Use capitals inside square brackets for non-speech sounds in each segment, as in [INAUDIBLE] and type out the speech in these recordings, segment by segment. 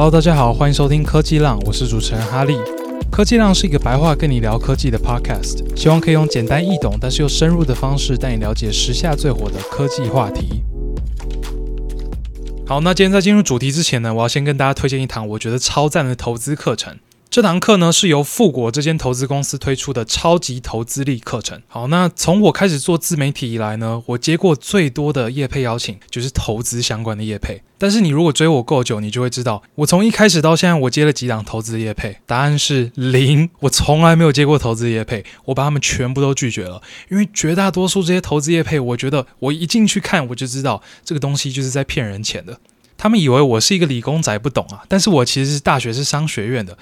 Hello，大家好，歡迎收聽科技浪，我是主持人哈利。科技浪是一個白話跟你聊科技的 Podcast，希望可以用簡單易懂但是又深入的方式帶你了解時下最火的科技話題。好，那今天在進入主題之前呢，我要先跟大家推薦一堂我覺得超讚的投資課程。這堂課呢是由富果這間投資公司推出的超級投資力課程。好，那從我開始做自媒體以來呢，我接過最多的業配邀請就是投資相關的業配。但是你如果追我夠久，你就會知道，我從一開始到現在，我接了幾檔投資的業配，答案是零，我從來沒有接過投資業配，我把他們全部都拒絕了，因為絕大多數這些投資業配，我覺得我一進去看我就知道這個東西就是在騙人錢的。他們以為我是一個理工仔，不懂啊。但是我其實是大學是商學院的，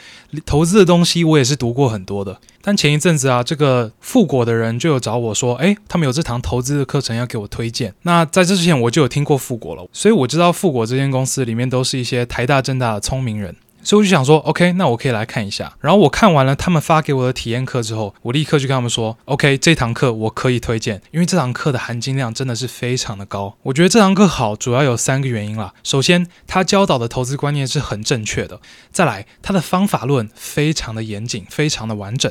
投資的東西我也是讀過很多的。但前一陣子啊，這個富果的人就有找我說，誒，他們有這堂投資的課程要給我推薦。那在這之前我就有聽過富果了，所以我知道富果這間公司裡面都是一些台大政大的聰明人。所以我就想說，OK，那我可以來看一下。然後我看完了他們發給我的體驗課之後，我立刻就跟他們說，OK，這堂課我可以推薦，因為這堂課的含金量真的是非常的高。我覺得這堂課好，主要有三個原因啦，首先，他教導的投資觀念是很正確的；再來，他的方法論非常的嚴謹，非常的完整；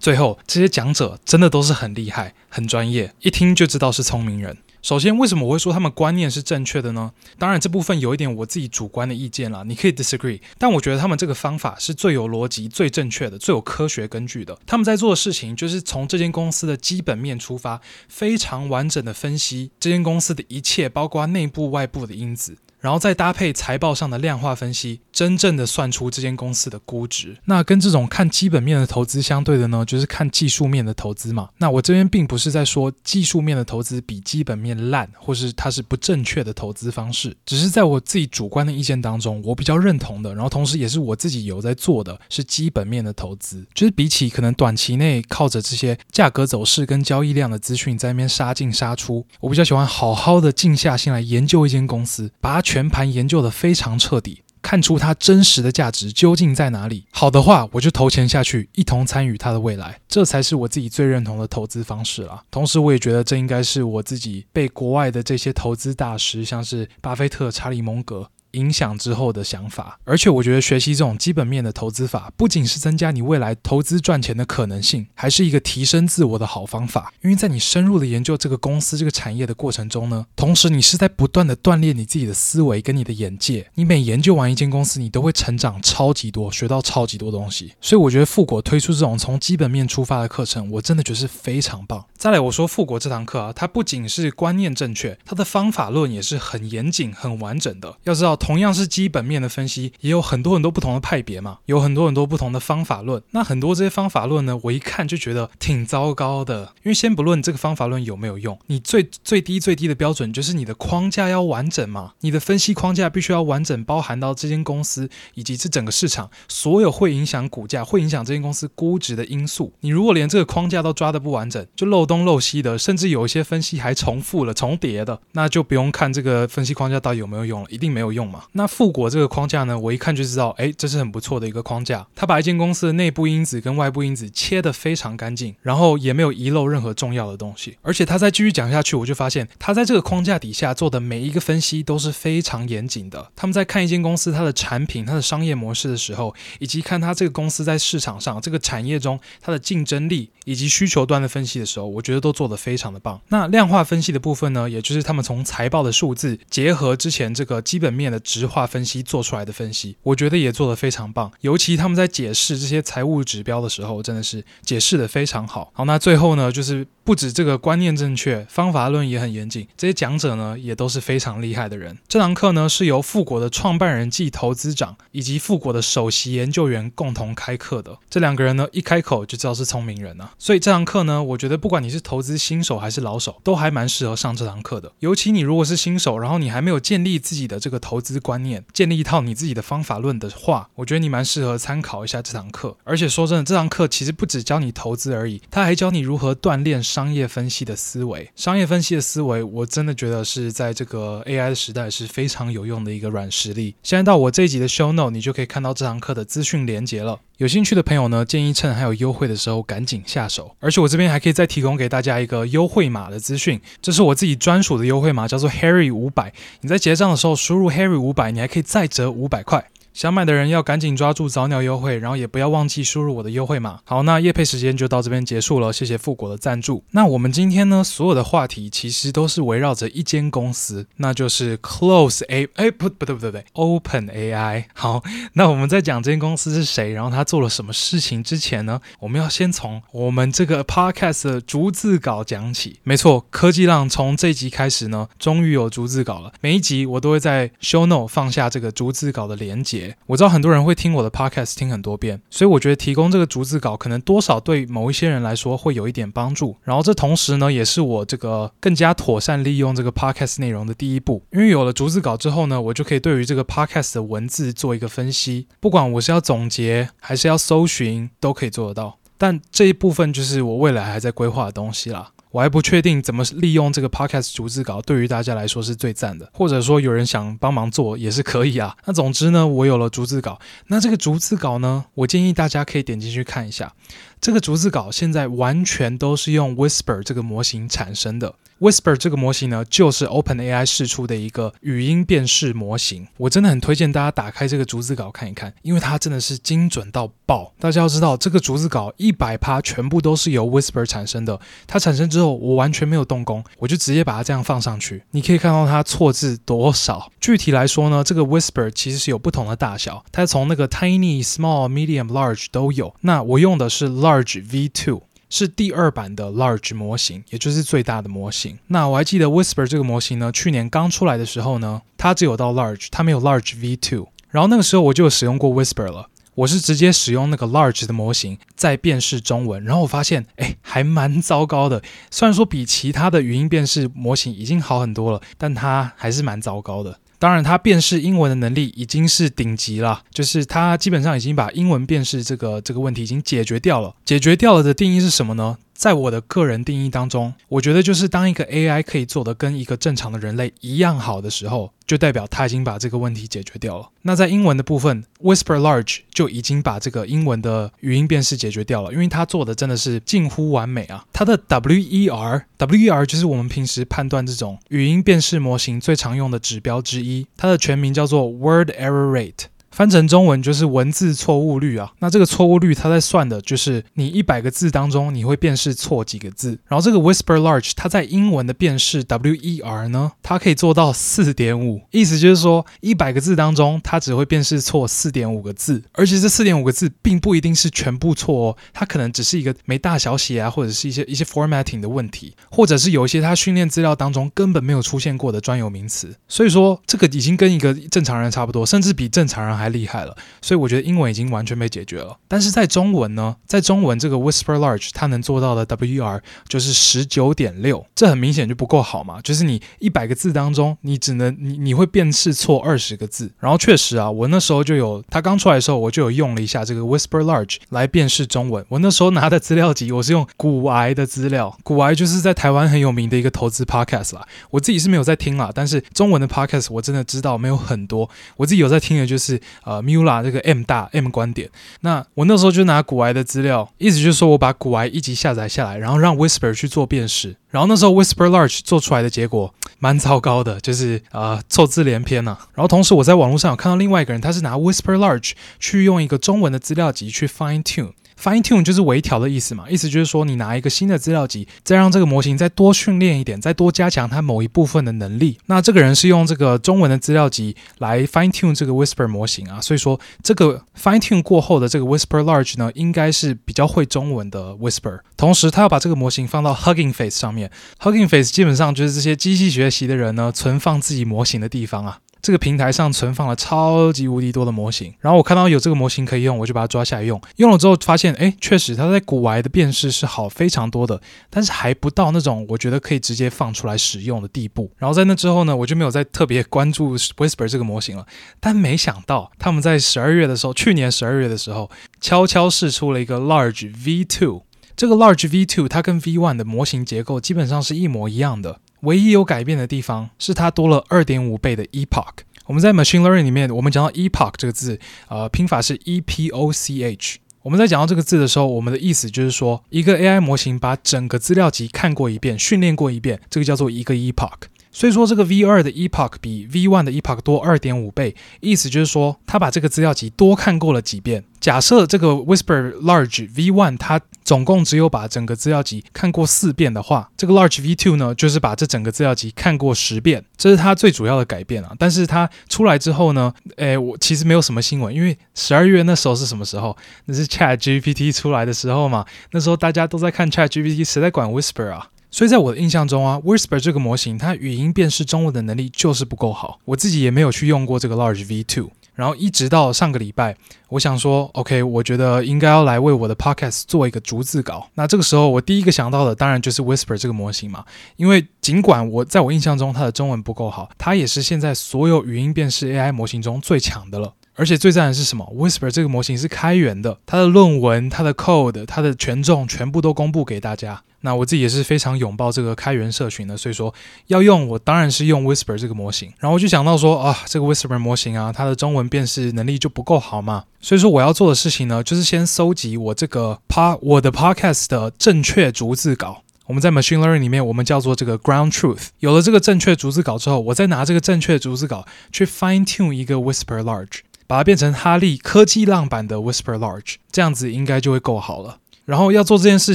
最後，這些講者真的都是很厲害、很專業，一聽就知道是聰明人。首先，為什麼我會說他們觀念是正確的呢？當然，這部分有一點我自己主觀的意見啦。你可以 disagree。但我覺得他們這個方法是最有邏輯、最正確的、最有科學根據的。他們在做的事情就是從這間公司的基本面出發，非常完整的分析這間公司的一切，包括內部、外部的因子。然後再搭配財報上的量化分析，真正的算出這間公司的估值。那跟這種看基本面的投資相對的呢，就是看技術面的投資嘛。那我這邊並不是在說技術面的投資比基本面爛，或是它是不正確的投資方式，只是在我自己主觀的意見當中，我比較認同的，然後同時也是我自己有在做的是基本面的投資，就是比起可能短期內靠着這些價格走勢跟交易量的資訊在那邊殺進殺出，我比較喜歡好好的靜下心來研究一間公司，把它。全盤研究的非常徹底，看出它真實的價值究竟在哪裡。好的話，我就投錢下去，一同參與它的未來。這才是我自己最認同的投資方式了。同時，我也覺得這應該是我自己被國外的這些投資大師，像是巴菲特、查理·蒙格。影響之後的想法，而且我覺得學習這種基本面的投資法，不僅是增加你未來投資賺錢的可能性，還是一個提升自我的好方法。因為在你深入的研究這個公司、這個產業的過程中呢，同時你是在不斷的鍛鍊你自己的思維跟你的眼界。你每研究完一間公司，你都會成長超級多，學到超級多東西。所以我覺得富果推出這種從基本面出發的課程，我真的覺得是非常棒。再來，我說富果這堂課啊，它不僅是觀念正確，它的方法論也是很嚴謹、很完整的。要知道。同樣是基本面的分析，也有很多很多不同的派別嘛，有很多很多不同的方法論。那很多這些方法論呢，我一看就覺得挺糟糕的。因為先不論這個方法論有沒有用，你最最低最低的標準就是你的框架要完整嘛，你的分析框架必須要完整，包含到這間公司以及這整個市場所有會影響股價、會影響這間公司估值的因素。你如果連這個框架都抓得不完整，就漏東漏西的，甚至有一些分析還重複了、重疊的，那就不用看這個分析框架到底有沒有用了，一定沒有用。嘛，那富果這個框架呢，我一看就知道，哎，這是很不錯的一個框架。他把一間公司的內部因子跟外部因子切得非常乾淨，然後也沒有遺漏任何重要的東西。而且他再繼續講下去，我就發現他在這個框架底下做的每一個分析都是非常嚴謹的。他們在看一間公司它的產品、它的商業模式的時候，以及看他這個公司在市場上這個產業中它的競爭力以及需求端的分析的時候，我覺得都做得非常的棒。那量化分析的部分呢，也就是他們從財報的數字結合之前這個基本面的。直化分析做出來的分析，我覺得也做得非常棒。尤其他們在解釋這些財務指標的時候，真的是解釋得非常好。好，那最後呢，就是不止這個觀念正確，方法論也很嚴謹。這些講者呢，也都是非常厲害的人。這堂課呢，是由富果的創辦人暨投資長以及富果的首席研究員共同開課的。這兩個人呢，一開口就知道是聰明人吶、啊。所以這堂課呢，我覺得不管你是投資新手還是老手，都還蠻適合上這堂課的。尤其你如果是新手，然後你還沒有建立自己的這個投資資觀念，建立一套你自己的方法論的話，我覺得你蠻適合參考一下這堂課。而且說真的，這堂課其實不只教你投資而已，它還教你如何鍛鍊商業分析的思維。商業分析的思維，我真的覺得是在這個 AI 的時代是非常有用的一個軟實力。現在到我這一集的 Show Note，你就可以看到這堂課的資訊連結了。有興趣的朋友呢，建議趁還有優惠的時候趕緊下手。而且我這邊還可以再提供給大家一個優惠碼的資訊，這是我自己專屬的優惠碼，叫做 Harry 500。你在結賬的時候輸入 Harry。五百，500，你還可以再折五百塊。想買的人要趕緊抓住早鳥優惠，然後也不要忘記輸入我的優惠碼。好，那業配時間就到這邊結束了，謝謝富果的贊助。那我們今天呢，所有的話題其實都是圍繞着一間公司，那就是 Close AI，哎，不不對不對不對，Open AI。好，那我們在講這間公司是誰，然後他做了什麼事情之前呢，我們要先從我們這個 Podcast 的逐字稿講起。沒錯，科技浪從這一集開始呢，終於有逐字稿了。每一集我都會在 Show Note 放下這個逐字稿的連結。我知道很多人會聽我的 podcast，聽很多遍，所以我覺得提供這個逐字稿，可能多少對某一些人來說會有一點幫助。然後這同時呢，也是我這個更加妥善利用這個 podcast 內容的第一步。因為有了逐字稿之後呢，我就可以對於這個 podcast 的文字做一個分析，不管我是要總結還是要搜尋，都可以做得到。但這一部分就是我未來還在規劃的東西啦。我還不確定怎麼利用這個 podcast 逐字稿，對於大家來說是最讚的，或者說有人想幫忙做也是可以啊。那總之呢，我有了逐字稿，那這個逐字稿呢，我建議大家可以點進去看一下。這個逐字稿現在完全都是用 Whisper 這個模型產生的。Whisper 這個模型呢，就是 OpenAI 釋出的一個語音辨識模型。我真的很推薦大家打開這個逐字稿看一看，因為它真的是精準到爆。大家要知道，這個逐字稿一百趴全部都是由 Whisper 產生的。它產生之後，我完全沒有動工，我就直接把它這樣放上去。你可以看到它錯字多少。具體來說呢，這個 Whisper 其實是有不同的大小，它從那個 tiny、small、medium、large 都有。那我用的是 low。Large V2 是第二版的 Large 模型，也就是最大的模型。那我還記得 Whisper 這個模型呢，去年剛出來的時候呢，它只有到 Large，它沒有 Large V2。然後那個時候我就有使用過 Whisper 了，我是直接使用那個 Large 的模型在辨識中文，然後我發現，哎，還蠻糟糕的。雖然說比其他的語音辨識模型已經好很多了，但它還是蠻糟糕的。當然，它辨識英文的能力已經是頂級了，就是它基本上已經把英文辨識這個這個問題已經解決掉了，解決掉了的定義是什麼呢？在我的個人定義當中，我覺得就是當一個 AI 可以做得跟一個正常的人類一樣好的時候，就代表它已經把這個問題解決掉了。那在英文的部分，Whisper Large 就已經把這個英文的語音辨識解決掉了，因為它做的真的是近乎完美啊。它的 WER，WER 就是我們平時判斷這種語音辨識模型最常用的指標之一，它的全名叫做 Word Error Rate。翻成中文就是文字錯誤率啊。那這個錯誤率，它在算的就是你一百個字當中，你會辨識錯幾個字。然後這個 Whisper Large，它在英文的辨識 WER 呢，它可以做到四點五，意思就是說一百個字當中，它只會辨識錯四點五個字。而且這四點五個字並不一定是全部錯哦，它可能只是一個沒大小寫啊，或者是一些一些 formatting 的問題，或者是有一些它訓練資料當中根本沒有出現過的專有名詞。所以說這個已經跟一個正常人差不多，甚至比正常人還。太厲害了，所以我覺得英文已經完全被解決了。但是在中文呢？在中文這個 Whisper Large 它能做到的 W R 就是十九點六，這很明顯就不夠好嘛。就是你一百個字當中，你只能你你會辨識錯二十個字。然後確實啊，我那時候就有他剛出來的時候，我就有用了一下這個 Whisper Large 來辨識中文。我那時候拿的資料集，我是用股癌的資料，股癌就是在台灣很有名的一個投資 podcast 啦。我自己是沒有在聽啦，但是中文的 podcast 我真的知道沒有很多，我自己有在聽的就是呃 Mula 這個 M 大 M 觀點，那我那時候就拿股癌的資料，意思就是說我把股癌一集下載下來，然後讓 Whisper 去做辨識，然後那時候 Whisper Large 做出來的結果蠻糟糕的，就是呃錯字連篇吶、啊。然後同時我在網絡上有看到另外一個人，他是拿 Whisper Large 去用一個中文的資料集去 Fine Tune。Fine-tune 就是微調的意思嘛，意思就是說你拿一個新的資料集，再讓這個模型再多訓練一點，再多加強它某一部分的能力。那這個人是用這個中文的資料集來 fine-tune 這個 Whisper 模型啊，所以說這個 fine-tune 過後的這個 Whisper Large 呢，應該是比較會中文的 Whisper。同時，他要把這個模型放到 Hugging Face 上面，Hugging Face 基本上就是這些機器學習的人呢，存放自己模型的地方啊。這個平台上存放了超級無敵多的模型，然後我看到有這個模型可以用，我就把它抓下來用。用了之後發現，哎，確實它在古外的辨識是好非常多的，但是還不到那種我覺得可以直接放出來使用的地步。然後在那之後呢，我就沒有再特別關注 Whisper 這個模型了。但沒想到他們在十二月的時候，去年十二月的時候，悄悄試出了一個 Large V2。這個 Large V2 它跟 V1 的模型結構基本上是一模一樣的。唯一有改變的地方是它多了2.5倍的 epoch。我們在 machine learning 裡面，我們講到 epoch 這個字，呃，拼法是 epoch。我們在講到這個字的時候，我們的意思就是說，一個 AI 模型把整個資料集看過一遍，訓練過一遍，這個叫做一個 epoch。所以說，這個 V2 的 Epoch 比 V1 的 Epoch 多二點五倍，意思就是說，他把這個資料集多看過了幾遍。假設這個 Whisper Large V1，它總共只有把整個資料集看過四遍的話，這個 Large V2 呢，就是把這整個資料集看過十遍。這是它最主要的改變啊。但是它出來之後呢，誒，我其實沒有什麼新聞，因為十二月那時候是什麼時候？那是 ChatGPT 出來的時候嘛。那時候大家都在看 ChatGPT，誰在管 Whisper 啊？所以在我的印象中啊，Whisper 這個模型，它語音辨識中文的能力就是不夠好。我自己也沒有去用過這個 Large V2，然後一直到上個禮拜，我想說，OK，我覺得應該要來為我的 Podcast 做一個逐字稿。那這個時候，我第一個想到的當然就是 Whisper 這個模型嘛，因為儘管我在我印象中它的中文不夠好，它也是現在所有語音辨識 AI 模型中最強的了。而且最讚的是什麼？Whisper 這個模型是開源的，它的論文、它的 code、它的權重全部都公布給大家。那我自己也是非常擁抱這個開源社群的，所以說要用我當然是用 Whisper 這個模型。然後我就想到說，啊，這個 Whisper 模型啊，它的中文辨識能力就不夠好嘛。所以說我要做的事情呢，就是先蒐集我這個 par 我的 podcast 的正確逐字稿。我們在 machine learning 裡面，我們叫做這個 ground truth。有了這個正確逐字稿之後，我再拿這個正確逐字稿去 fine tune 一個 Whisper Large。把它變成哈利科技浪版的 Whisper Large，這樣子應該就會夠好了。然後要做這件事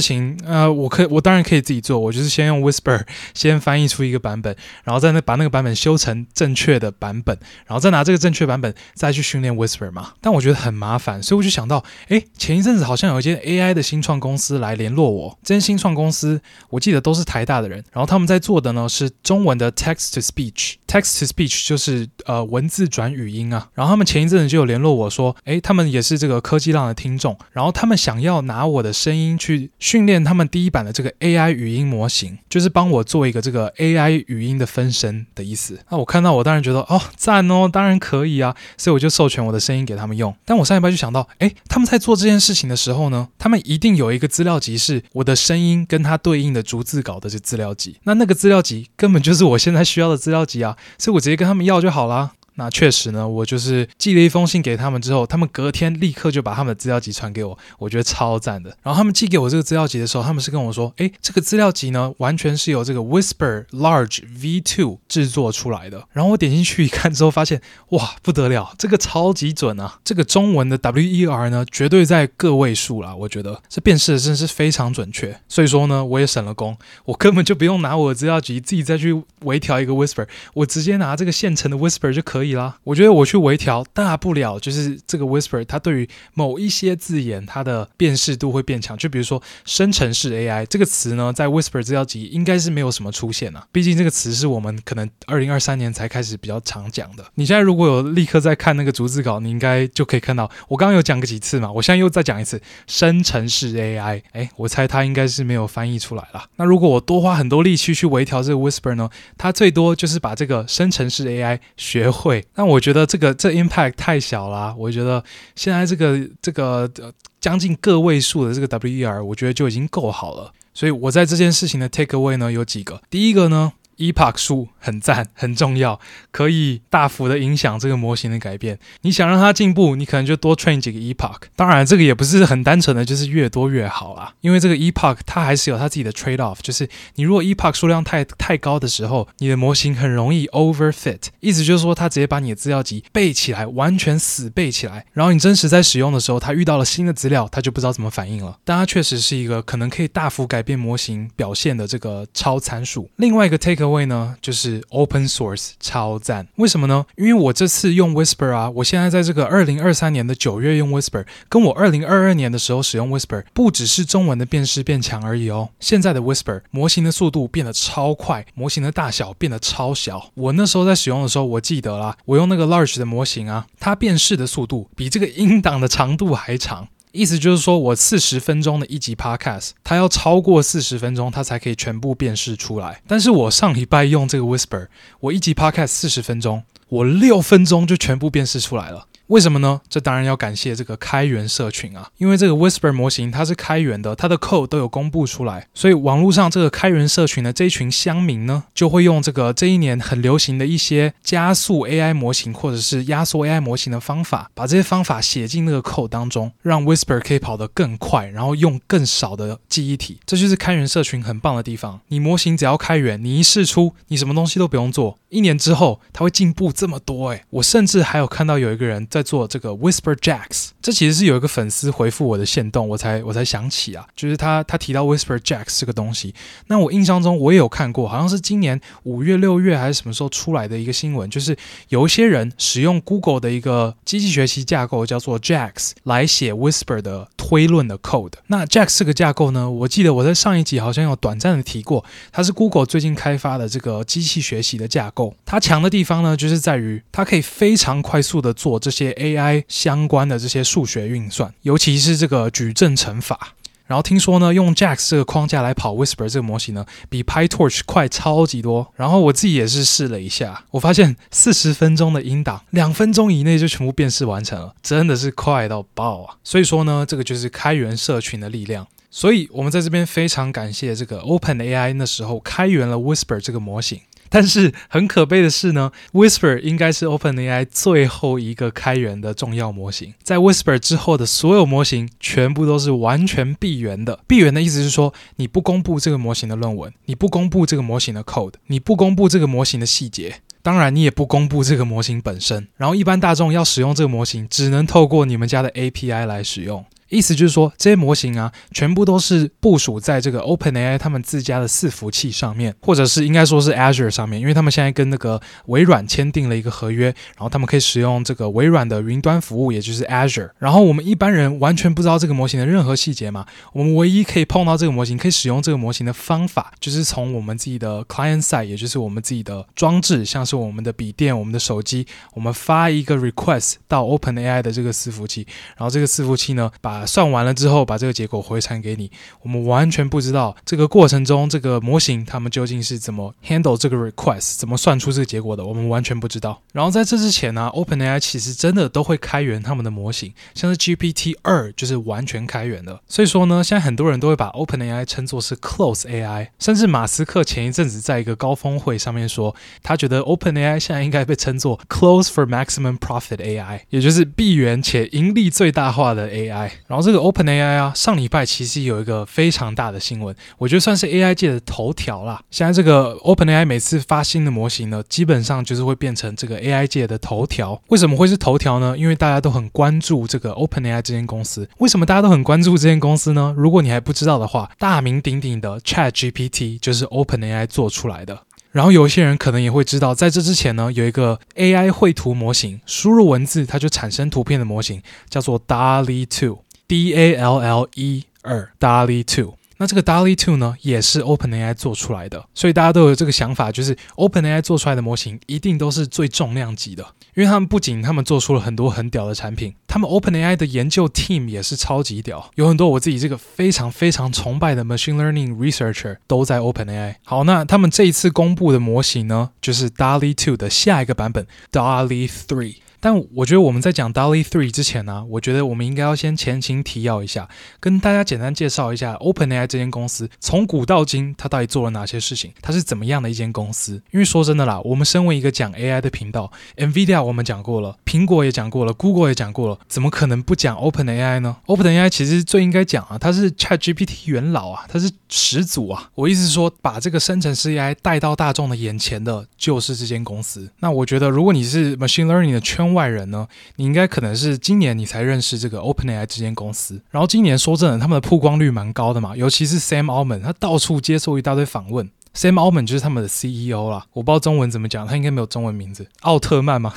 情，呃，我可以，我當然可以自己做，我就是先用 Whisper 先翻譯出一個版本，然後再那把那個版本修成正確的版本，然後再拿這個正確版本再去訓練 Whisper 嘛。但我覺得很麻煩，所以我就想到，哎，前一陣子好像有一些 AI 的新創公司來聯絡我，這新創公司我記得都是台大的人，然後他們在做的呢是中文的 text to speech。Spe ech, Text to speech 就是呃文字轉語音啊，然後他們前一陣子就有聯絡我說，誒，他們也是這個科技浪的聽眾，然後他們想要拿我的聲音去訓練他們第一版的這個 AI 語音模型，就是幫我做一個這個 AI 語音的分身的意思。那、啊、我看到我當然覺得哦讚哦，當然可以啊，所以我就授權我的聲音給他們用。但我上禮拜就想到，誒，他們在做這件事情的時候呢，他們一定有一個資料集是我的聲音跟他對應的逐字稿的這個資料集，那那個資料集根本就是我現在需要的資料集啊。所以我直接跟他們要就好了。那確實呢，我就是寄了一封信給他們之後，他們隔天立刻就把他們的資料集傳給我，我覺得超讚的。然後他們寄給我這個資料集的時候，他們是跟我說：“哎，這個資料集呢，完全是由這個 Whisper Large v2 製作出來的。”然後我點進去一看之後，發現哇，不得了，這個超級準啊！這個中文的 WER 呢，絕對在個位數啦，我覺得這辨識的真的是非常準確，所以說呢，我也省了工，我根本就不用拿我的資料集自己再去微調一個 Whisper，我直接拿這個現成的 Whisper 就可以。可以啦，我覺得我去微調，大不了就是這個 Whisper，它對於某一些字眼，它的辨識度會變強。就比如說生成式 AI 這個詞呢，在 Whisper 資料集應該是沒有什麼出現啊，畢竟這個詞是我們可能二零二三年才開始比較常講的。你現在如果有立刻在看那個逐字稿，你應該就可以看到，我剛剛有講過幾次嘛，我現在又再講一次生成式 AI、欸。哎，我猜它應該是沒有翻譯出來了。那如果我多花很多力氣去微調這個 Whisper 呢，它最多就是把這個生成式 AI 學會。對，那我覺得這個這 impact 太小啦、啊，我覺得現在這個這個呃將近個位數的這個 WER，我覺得就已經夠好了。所以我在這件事情的 takeaway 呢有幾個，第一個呢。Epoch 數很讚，很重要，可以大幅的影響這個模型的改變。你想讓它進步，你可能就多 train 幾個 epoch。當然，這個也不是很單純的就是越多越好啦，因為這個 epoch 它還是有它自己的 trade off。就是你如果 epoch 數量太太高的時候，你的模型很容易 overfit，意思就是說它直接把你的資料集背起來，完全死背起來。然後你真實在使用的時候，它遇到了新的資料，它就不知道怎麼反應了。但它確實是一個可能可以大幅改變模型表現的這個超參數。另外一個 take。為呢，就是 open source 超讚，為什麼呢？因為我這次用 Whisper 啊，我現在在這個二零二三年的九月用 Whisper，跟我二零二二年的時候使用 Whisper，不只是中文的辨識變強而已哦，現在的 Whisper 模型的速度變得超快，模型的大小變得超小。我那時候在使用的時候，我記得啦，我用那個 large 的模型啊，它辨識的速度比這個音檔的長度還長。意思就是說，我四十分鐘的一集 podcast，它要超過四十分鐘，它才可以全部辨識出來。但是我上禮拜用這個 Whisper，我一集 podcast 四十分鐘，我六分鐘就全部辨識出來了。為什麼呢？這當然要感謝這個開源社群啊，因為這個 Whisper 模型它是開源的，它的 code 都有公布出來，所以網絡上這個開源社群的這一群鄉民呢，就會用這個這一年很流行的一些加速 AI 模型或者是壓縮 AI 模型的方法，把這些方法寫進那個 code 當中，讓 Whisper 可以跑得更快，然後用更少的記憶體。這就是開源社群很棒的地方。你模型只要開源，你一試出，你什麼東西都不用做，一年之後它會進步這麼多哎、欸！我甚至還有看到有一個人在。做這個 Whisper Jax，這其實是有一個粉絲回復我的限動，我才我才想起啊，就是他他提到 Whisper Jax 這個東西。那我印象中我也有看過，好像是今年五月六月還是什麼時候出來的一個新聞，就是有一些人使用 Google 的一個機器學習架構叫做 Jax 來寫 Whisper 的推論的 code。那 Jax 這個架構呢，我記得我在上一集好像有短暫的提過，它是 Google 最近開發的這個機器學習的架構。它強的地方呢，就是在於它可以非常快速的做這些。AI 相關的這些數學運算，尤其是這個矩陣乘法。然後聽說呢，用 JAX 這個框架來跑 Whisper 這個模型呢，比 PyTorch 快超級多。然後我自己也是試了一下，我發現四十分鐘的音檔，兩分鐘以內就全部辨識完成了，真的是快到爆啊！所以說呢，這個就是開源社群的力量。所以我們在這邊非常感謝這個 OpenAI 那時候開源了 Whisper 這個模型。但是很可悲的是呢，Whisper 應該是 OpenAI 最後一個開源的重要模型，在 Whisper 之後的所有模型全部都是完全閉源的。閉源的意思是說，你不公布這個模型的論文，你不公布這個模型的 code，你不公布這個模型的細節，當然你也不公布這個模型本身。然後一般大眾要使用這個模型，只能透過你們家的 API 來使用。意思就是說，這些模型啊，全部都是部署在這個 OpenAI 他們自家的伺服器上面，或者是應該說是 Azure 上面，因為他們現在跟那個微軟簽訂了一個合約，然後他們可以使用這個微軟的雲端服務，也就是 Azure。然後我們一般人完全不知道這個模型的任何細節嘛，我們唯一可以碰到這個模型、可以使用這個模型的方法，就是從我們自己的 client side，也就是我們自己的裝置，像是我們的筆電、我們的手機，我們發一個 request 到 OpenAI 的這個伺服器，然後這個伺服器呢，把算完了之後，把這個結果回傳給你。我們完全不知道這個過程中這個模型他們究竟是怎麼 handle 這個 request，怎麼算出這個結果的，我們完全不知道。然後在這之前呢、啊、，OpenAI 其實真的都會開源他們的模型，像是 GPT 二就是完全開源的。所以說呢，現在很多人都會把 OpenAI 稱作是 Close AI，甚至馬斯克前一陣子在一個高峰會上面說，他覺得 OpenAI 現在應該被稱作 Close for Maximum Profit AI，也就是閉源且盈利最大化的 AI。然後這個 Open AI 啊，上禮拜其實有一個非常大的新聞，我覺得算是 AI 界的頭條啦。現在這個 Open AI 每次發新的模型呢，基本上就是會變成這個 AI 界的頭條。為什麼會是頭條呢？因為大家都很關注這個 Open AI 這間公司。為什麼大家都很關注這間公司呢？如果你還不知道的話，大名鼎鼎的 ChatGPT 就是 Open AI 做出來的。然後有一些人可能也會知道，在這之前呢，有一個 AI 繪圖模型，輸入文字它就產生圖片的模型，叫做 DALL-E 2。D A L L e r d a l l y t o 那這個 d a l l y t o 呢，也是 OpenAI 做出來的，所以大家都有這個想法，就是 OpenAI 做出來的模型一定都是最重量級的，因為他們不僅他們做出了很多很屌的產品，他們 OpenAI 的研究 team 也是超級屌，有很多我自己這個非常非常崇拜的 machine learning researcher 都在 OpenAI。好，那他們這一次公布的模型呢，就是 d a l l y t o 的下一個版本 d a l l Three。但我覺得我們在講 DALL·E 3之前呢，啊，我覺得我們應該要先前情提要一下，跟大家簡單介紹一下 OpenAI 這間公司從古到今它到底做了哪些事情，它是怎麼樣的一間公司？因為說真的啦，我們身為一個講 AI 的頻道，NVIDIA 我們講過了，蘋果也講過了，Google 也講過了，怎麼可能不講 OpenAI 呢？OpenAI 其實最應該講啊，它是 ChatGPT 元老啊，它是始祖啊。我意思是說，把這個生成式 AI 帶到大眾的眼前的就是這間公司。那我覺得，如果你是 Machine Learning 的圈外人呢，你應該可能是今年你才認識這個 OpenAI 這間公司。然後今年說真的，他們的曝光率蠻高的嘛，尤其是 Sam Altman，他到處接受一大堆訪問。Sam Altman 就是他們的 CEO 啦，我不知道中文怎麼講，他應該沒有中文名字，奧特曼嗎？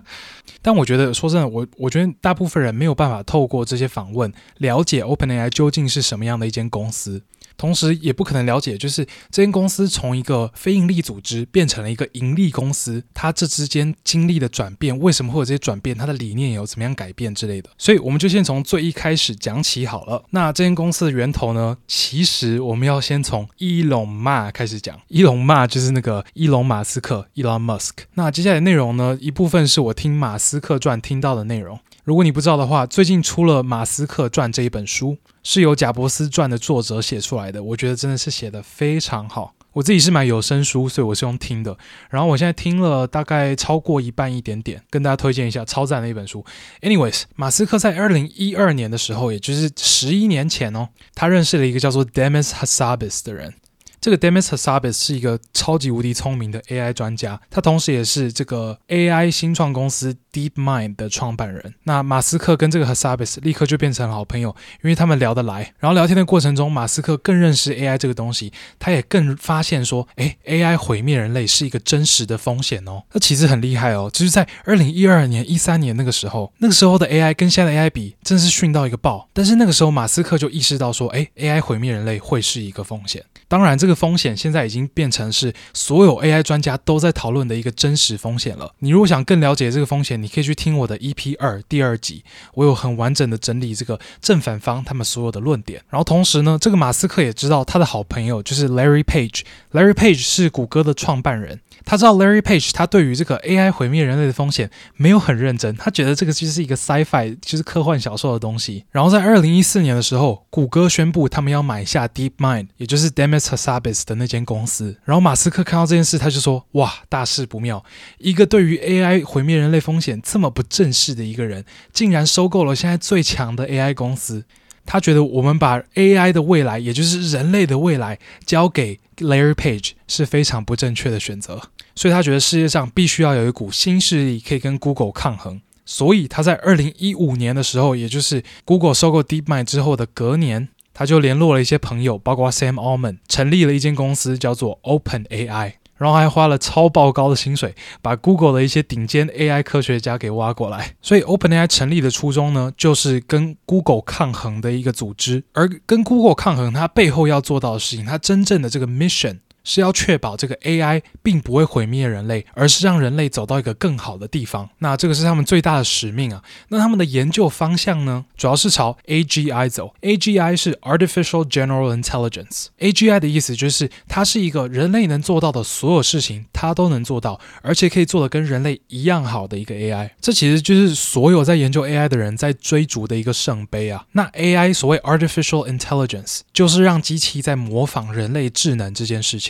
[LAUGHS] 但我覺得說真的，我我覺得大部分人沒有辦法透過這些訪問了解 OpenAI 究竟是什麼樣的一間公司。同時也不可能了解，就是這間公司從一個非盈利組織變成了一個盈利公司，它這之間經歷的轉變，為什麼會有這些轉變，它的理念有怎麼樣改變之類的。所以我們就先從最一開始講起好了。那這間公司的源頭呢，其實我們要先從伊隆馬開始講。伊隆馬就是那個伊隆馬斯克，Elon Musk。那接下來的內容呢，一部分是我聽馬斯克傳聽到的內容。如果你不知道的話，最近出了《馬斯克傳》這一本書，是由《賈伯斯傳》的作者寫出來的，我覺得真的是寫得非常好。我自己是買有聲書，所以我是用聽的。然後我現在聽了大概超過一半一點點，跟大家推薦一下，超讚的一本書。Anyways，馬斯克在2012年的時候，也就是十一年前哦，他認識了一個叫做 Demis Hassabis 的人。這個 Demis Hassabis 是一個超級無敵聰明的 AI 專家，他同時也是這個 AI 新創公司。DeepMind 的創辦人，那馬斯克跟這個 Hassabis 立刻就變成了好朋友，因為他們聊得來。然後聊天的過程中，馬斯克更認識 AI 這個東西，他也更發現說，哎，AI 毀滅人類是一個真實的風險哦。那其實很厲害哦，就是在二零一二年、一三年那個時候，那個時候的 AI 跟現在的 AI 比，真是遜到一個爆。但是那個時候馬斯克就意識到說，哎，AI 毀滅人類會是一個風險。當然，這個風險現在已經變成是所有 AI 專家都在討論的一個真實風險了。你如果想更了解這個風險，你可以去聽我的 EP 二、第二集，我有很完整的整理這個正反方他們所有的論點。然後同時呢，這個馬斯克也知道他的好朋友就是 Larry Page，Larry Page 是谷歌的創辦人。他知道 Larry Page，他對於這個 AI 毀滅人類的風險沒有很認真，他覺得這個就是一個 sci-fi，就是科幻小說的東西。然後在二零一四年的時候，谷歌宣布他們要買下 Deep Mind，也就是 Demis Hassabis 的那間公司。然後馬斯克看到這件事，他就說：“哇，大事不妙！一個對於 AI 毀滅人類風險這麼不正視的一個人，竟然收購了現在最強的 AI 公司。”他覺得我們把 AI 的未來，也就是人類的未來，交給 Layer Page 是非常不正確的選擇。所以他覺得世界上必須要有一股新勢力可以跟 Google 抗衡。所以他在2015年的時候，也就是 Google 收購 DeepMind 之後的隔年，他就聯絡了一些朋友，包括 Sam a l m a n 成立了一間公司，叫做 OpenAI。然後還花了超爆高的薪水，把 Google 的一些頂尖 AI 科學家給挖過來。所以 OpenAI 成立的初衷呢，就是跟 Google 抗衡的一個組織。而跟 Google 抗衡，它背後要做到的事情，它真正的這個 mission，是要確保這個 AI 並不會毀滅人類，而是讓人類走到一個更好的地方。那這個是他們最大的使命啊。那他們的研究方向呢，主要是朝 AGI 走。AGI 是 Artificial General Intelligence，AGI 的意思就是它是一個人類能做到的所有事情，它都能做到，而且可以做得跟人類一樣好的一個 AI。這其實就是所有在研究 AI 的人在追逐的一個聖杯啊。那 AI 所謂 Artificial Intelligence，就是讓機器在模仿人類智能這件事情。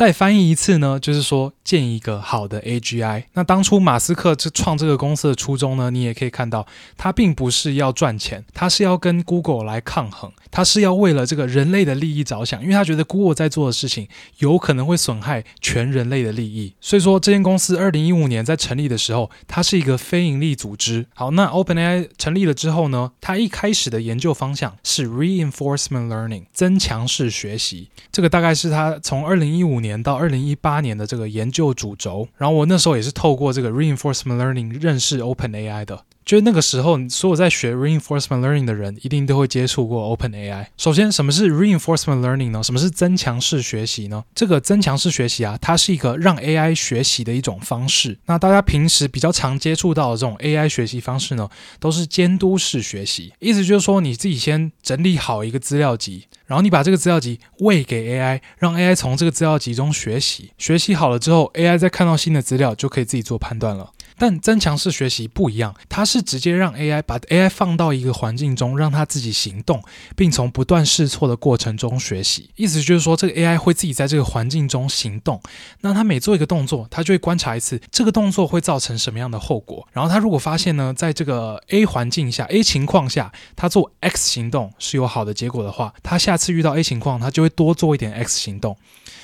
再翻譯一次呢，就是說建一個好的 AGI。那當初馬斯克這創這個公司的初衷呢，你也可以看到，他並不是要賺錢，他是要跟 Google 來抗衡，他是要為了這個人類的利益着想，因為他覺得 Google 在做的事情有可能會損害全人類的利益。所以說這間公司二零一五年在成立的時候，它是一個非盈利組織。好，那 OpenAI 成立了之後呢，它一開始的研究方向是 Reinforcement Learning，增強式學習，這個大概是它從二零一五年。年到二零一八年的這個研究主軸，然後我那時候也是透過這個 reinforcement learning 認識 OpenAI 的。就是那個時候，所有在學 reinforcement learning 的人，一定都會接觸過 OpenAI。首先，什麼是 reinforcement learning 呢？什麼是增強式學習呢？這個增強式學習啊，它是一個讓 AI 學習的一種方式。那大家平時比較常接觸到的這種 AI 學習方式呢，都是監督式學習。意思就是說，你自己先整理好一個資料集，然後你把這個資料集餵給 AI，讓 AI 從這個資料集中學習。學習好了之後，AI 再看到新的資料，就可以自己做判斷了。但增強式學習不一樣，它是直接讓 AI 把 AI 放到一個環境中，讓它自己行動，並從不斷試錯的過程中學習。意思就是說，這個 AI 會自己在這個環境中行動。那它每做一個動作，它就會觀察一次這個動作會造成什麼樣的後果。然後它如果發現呢，在這個 A 環境下、A 情況下，它做 X 行動是有好的結果的話，它下次遇到 A 情況，它就會多做一點 X 行動。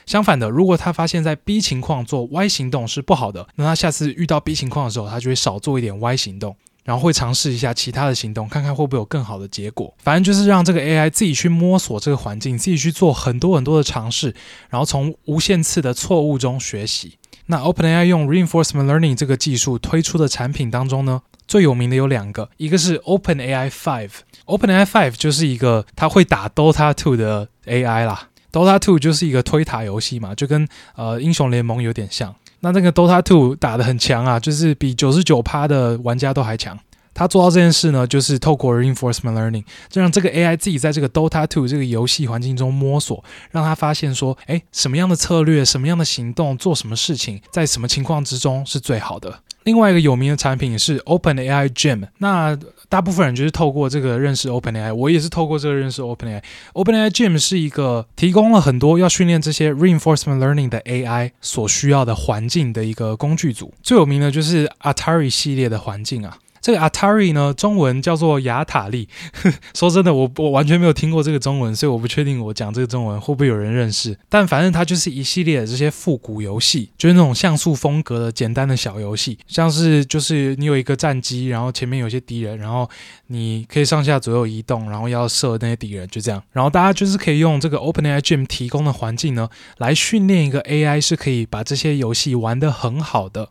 相反的，如果它發現，在 B 情況做 Y 行動是不好的，那它下次遇到 B 情況的時候，他就會少做一點歪行動，然後會嘗試一下其他的行動，看看會不會有更好的結果。反正就是讓這個 AI 自己去摸索這個環境，自己去做很多很多的嘗試，然後從無限次的錯誤中學習。那 OpenAI 用 Reinforcement Learning 這個技術推出的產品當中呢，最有名的有兩個，一個是 OpenAI Five，OpenAI Five 就是一個他會打 Dota 2的 AI 啦。Dota 2就是一個推塔遊戲嘛，就跟呃英雄聯盟有點像。那那個 Dota 2打得很強啊，就是比九十九趴的玩家都還強。他做到這件事呢，就是透過 reinforcement learning，就讓這個 AI 自己在這個 Dota 2這個遊戲環境中摸索，讓他發現說，哎，什麼樣的策略、什麼樣的行動、做什麼事情，在什麼情況之中是最好的。另外一個有名的產品是 OpenAI Gym，那大部分人就是透過這個認識 OpenAI，我也是透過這個認識 OpenAI。OpenAI Gym 是一個提供了很多要訓練這些 reinforcement learning 的 AI 所需要的環境的一個工具組，最有名的就是 Atari 系列的環境啊。這個 Atari 呢，中文叫做雅塔利。呵呵，說真的，我我完全沒有聽過這個中文，所以我不確定我講這個中文會不會有人認識。但反正它就是一系列的這些復古遊戲，就是那種像素風格的簡單的小遊戲，像是就是你有一個戰機，然後前面有些敵人，然後你可以上下左右移動，然後要射那些敵人，就這樣。然後大家就是可以用這個 OpenAI Gym 提供的環境呢，來訓練一個 AI 是可以把這些遊戲玩得很好的。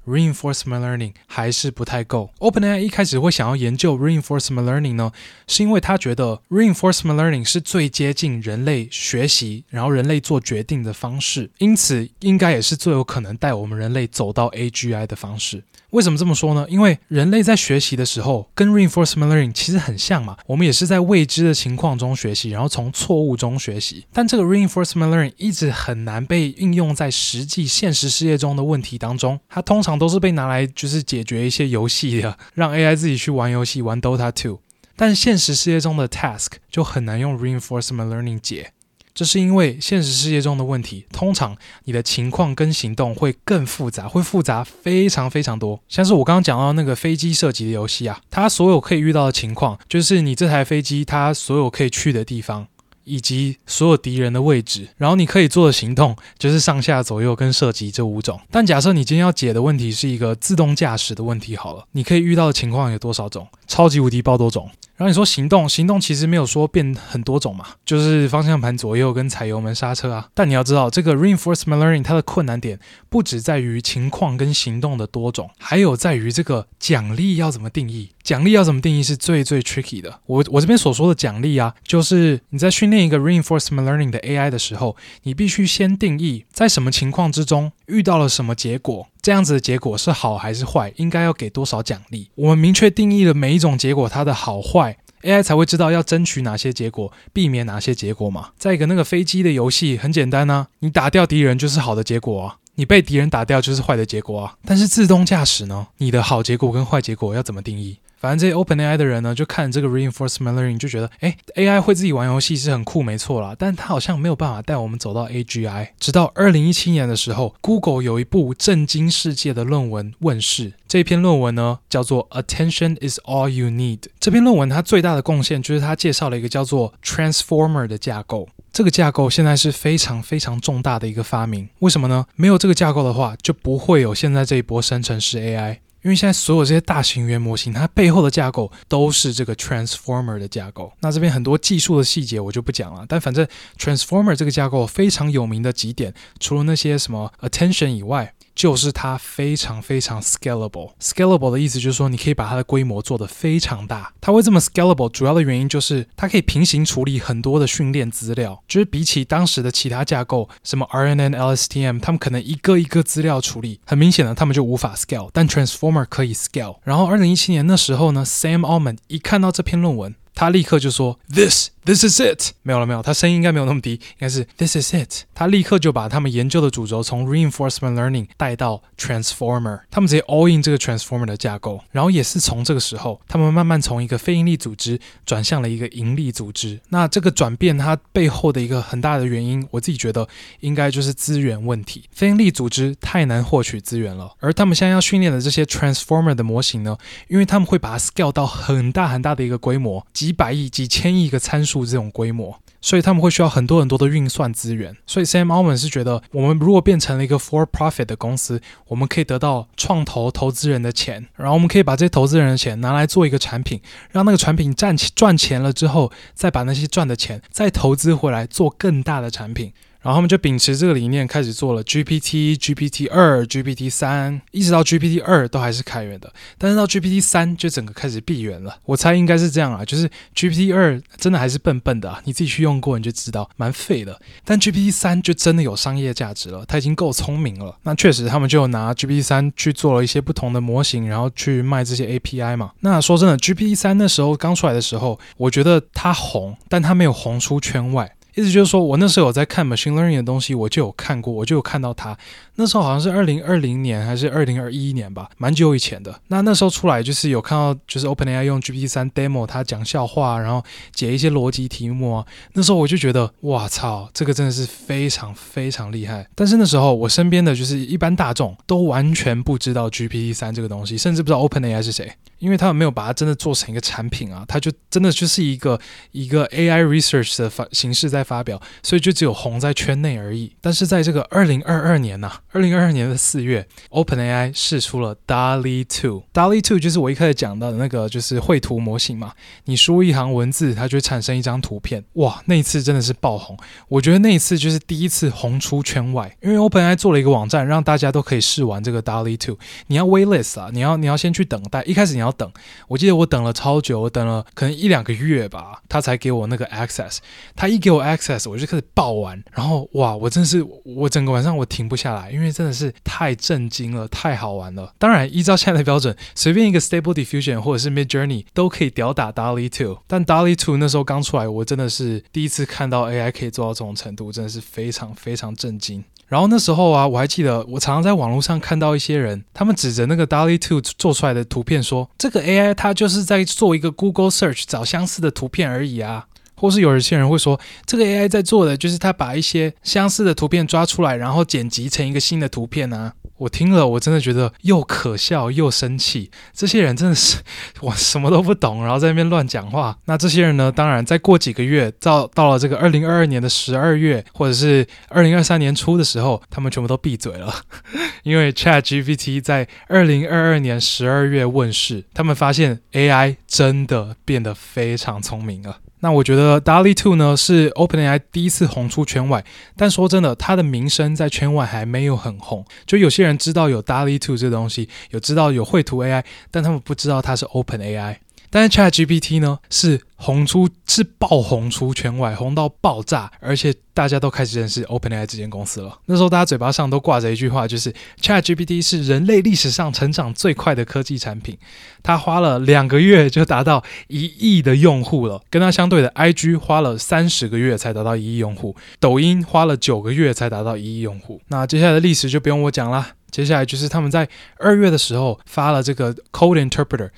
Reinforcement Learning 還是不太夠。OpenAI 一開始會想要研究 Reinforcement Learning 呢，是因為他覺得 Reinforcement Learning 是最接近人類學習，然後人類做決定的方式，因此應該也是最有可能帶我們人類走到 AGI 的方式。為什麼這麼說呢？因為人類在學習的時候，跟 Reinforcement Learning 其實很像嘛，我們也是在未知的情況中學習，然後從錯誤中學習。但這個 Reinforcement Learning 一直很難被應用在實際現實世界中的問題當中，它通常都是被拿來就是解決一些遊戲的，讓 AI 自己去玩遊戲，玩 Dota Two。但現實世界中的 task 就很難用 reinforcement learning 解，這是因為現實世界中的問題，通常你的情況跟行動會更複雜，會複雜非常非常多。像是我剛剛講到那個飛機射擊的遊戲啊，它所有可以遇到的情況，就是你這台飛機它所有可以去的地方。以及所有敵人的位置，然後你可以做的行動就是上下左右跟射擊這五種。但假設你今天要解的問題是一個自動駕駛的問題，好了，你可以遇到的情況有多少種？超級無敵爆多種。然後你說行動，行動其實沒有說變很多種嘛，就是方向盤左右跟踩油門剎車啊。但你要知道，這個 reinforcement learning 它的困難點不止在於情況跟行動的多種，還有在於這個獎勵要怎麼定義。獎勵要怎麼定義是最最 tricky 的。我我這邊所說的獎勵啊，就是你在訓練一個 reinforcement learning 的 AI 的時候，你必須先定義在什麼情況之中遇到了什麼結果。這樣子的結果是好還是壞？應該要給多少獎勵？我們明確定義了每一種結果它的好壞，AI 才會知道要爭取哪些結果，避免哪些結果嘛。再一個，那個飛機的遊戲很簡單啊，你打掉敵人就是好的結果啊，你被敵人打掉就是壞的結果啊。但是自動駕駛呢，你的好結果跟壞結果要怎麼定義？反正這些 OpenAI 的人呢，就看這個 Reinforcement Learning，就覺得，哎，AI 會自己玩遊戲是很酷，沒錯啦。但他好像沒有辦法帶我們走到 AGI。直到二零一七年的時候，Google 有一部震驚世界的論文問世。這篇論文呢，叫做 Attention is all you need。這篇論文它最大的貢獻就是它介紹了一個叫做 Transformer 的架構。這個架構現在是非常非常重大的一個發明。為什麼呢？沒有這個架構的話，就不會有現在這一波生成式 AI。因為現在所有這些大型語言模型，它背後的架構都是這個 transformer 的架構。那這邊很多技術的細節我就不講了，但反正 transformer 這個架構非常有名的幾點，除了那些什麼 attention 以外。就是它非常非常 scalable，scalable sc 的意思就是說，你可以把它的規模做得非常大。它會這麼 scalable，主要的原因就是它可以平行處理很多的訓練資料，就是比起當時的其他架構，什麼 RNN、LSTM，他們可能一個一個資料處理，很明顯的他們就無法 scale，但 Transformer 可以 scale。然後二零一七年那時候呢，Sam Altman 一看到這篇論文。他立刻就說：“This, this is it。”沒有了，沒有。他聲音應該沒有那麼低，應該是 “this is it”。他立刻就把他們研究的主軸從 reinforcement learning 帶到 transformer。他們直接 all in 這個 transformer 的架構。然後也是從這個時候，他們慢慢從一個非盈利組織轉向了一個盈利組織。那這個轉變它背後的一個很大的原因，我自己覺得應該就是資源問題。非盈利組織太難獲取資源了，而他們現在要訓練的這些 transformer 的模型呢，因為他們會把它 scale 到很大很大的一個規模。幾百億、幾千億個參數這種規模，所以他們會需要很多很多的運算資源。所以 Sam Altman 是覺得，我們如果變成了一個 for profit 的公司，我們可以得到創投投資人的錢，然後我們可以把這些投資人的錢拿來做一個產品，讓那個產品賺錢，賺錢了之後，再把那些賺的錢再投資回來做更大的產品。然後他們就秉持這個理念，開始做了 GPT、GPT 二、GPT 三，一直到 GPT 二都還是開源的，但是到 GPT 三就整個開始閉源了。我猜應該是這樣啊，就是 GPT 二真的還是笨笨的啊，你自己去用過你就知道，蠻廢的。但 GPT 三就真的有商業價值了，它已經夠聰明了。那確實，他們就拿 GPT 三去做了一些不同的模型，然後去賣這些 API 嘛。那說真的，GPT 三那時候剛出來的時候，我覺得它紅，但它沒有紅出圈外。意思就是說，我那時候我在看 machine learning 的東西，我就有看過，我就有看到它。那時候好像是二零二零年還是二零二一年吧，蠻久以前的。那那時候出來就是有看到，就是 OpenAI 用 GPT 三 demo 它講笑話啊，然後解一些邏輯題目啊。那時候我就覺得，哇操，這個真的是非常非常厲害。但是那時候我身邊的就是一般大眾都完全不知道 GPT 三這個東西，甚至不知道 OpenAI 是誰，因為他們沒有把它真的做成一個產品啊，它就真的就是一個一個 AI research 的發形式在發表，所以就只有紅在圈內而已。但是在這個二零二二年呢，啊。二零二二年的四月，OpenAI 釋出了 DALL-E 2，DALL-E 2就是我一開始講到的那個，就是繪圖模型嘛。你輸一行文字，它就會產生一張圖片。哇，那一次真的是爆紅。我覺得那一次就是第一次紅出圈外，因為 OpenAI 做了一個網站，讓大家都可以試玩這個 DALL-E 2。你要 waitlist 啊，你要你要先去等待。一開始你要等，我記得我等了超久，我等了可能一兩個月吧，他才給我那個 access。他一給我 access，我就開始爆玩。然後哇，我真的是我整個晚上我停不下來，因為真的是太震驚了，太好玩了。當然，依照現在的標準，隨便一個 Stable Diffusion 或者是 Midjourney 都可以吊打 DALL·E 2。但 DALL·E 2那時候剛出來，我真的是第一次看到 AI 可以做到這種程度，真的是非常非常震驚。然後那時候啊，我還記得我常常在網路上看到一些人，他們指着那個 DALL·E 2做出來的圖片說：“這個 AI 它就是在做一個 Google Search 找相似的圖片而已啊。”或是有一些人會說，這個 AI 在做的就是他把一些相似的圖片抓出來，然後剪輯成一個新的圖片呢、啊？我聽了我真的覺得又可笑又生氣，這些人真的是我什麼都不懂，然後在那邊亂講話。那這些人呢？當然，再過幾個月到到了這個二零二二年的十二月，或者是二零二三年初的時候，他們全部都閉嘴了， [LAUGHS] 因為 ChatGPT 在二零二二年十二月問世，他們發現 AI 真的變得非常聰明了。那我覺得 DALL-E 2呢，是 OpenAI 第一次紅出圈外，但說真的，它的名聲在圈外還沒有很紅。就有些人知道有 DALL-E 2這東西，有知道有繪圖 AI，但他們不知道它是 OpenAI。但是 ChatGPT 呢，是紅出，是爆紅出圈外，紅到爆炸，而且大家都開始認識 OpenAI 這間公司了。那時候大家嘴巴上都掛着一句話，就是 ChatGPT 是人類歷史上成長最快的科技產品。它花了兩個月就達到一億的用戶了，跟它相對的，IG 花了三十個月才達到一億用戶，抖音花了九個月才達到一億用戶。那接下來的歷史就不用我講啦。接下來就是他們在二月的時候發了這個 Code Interpreter。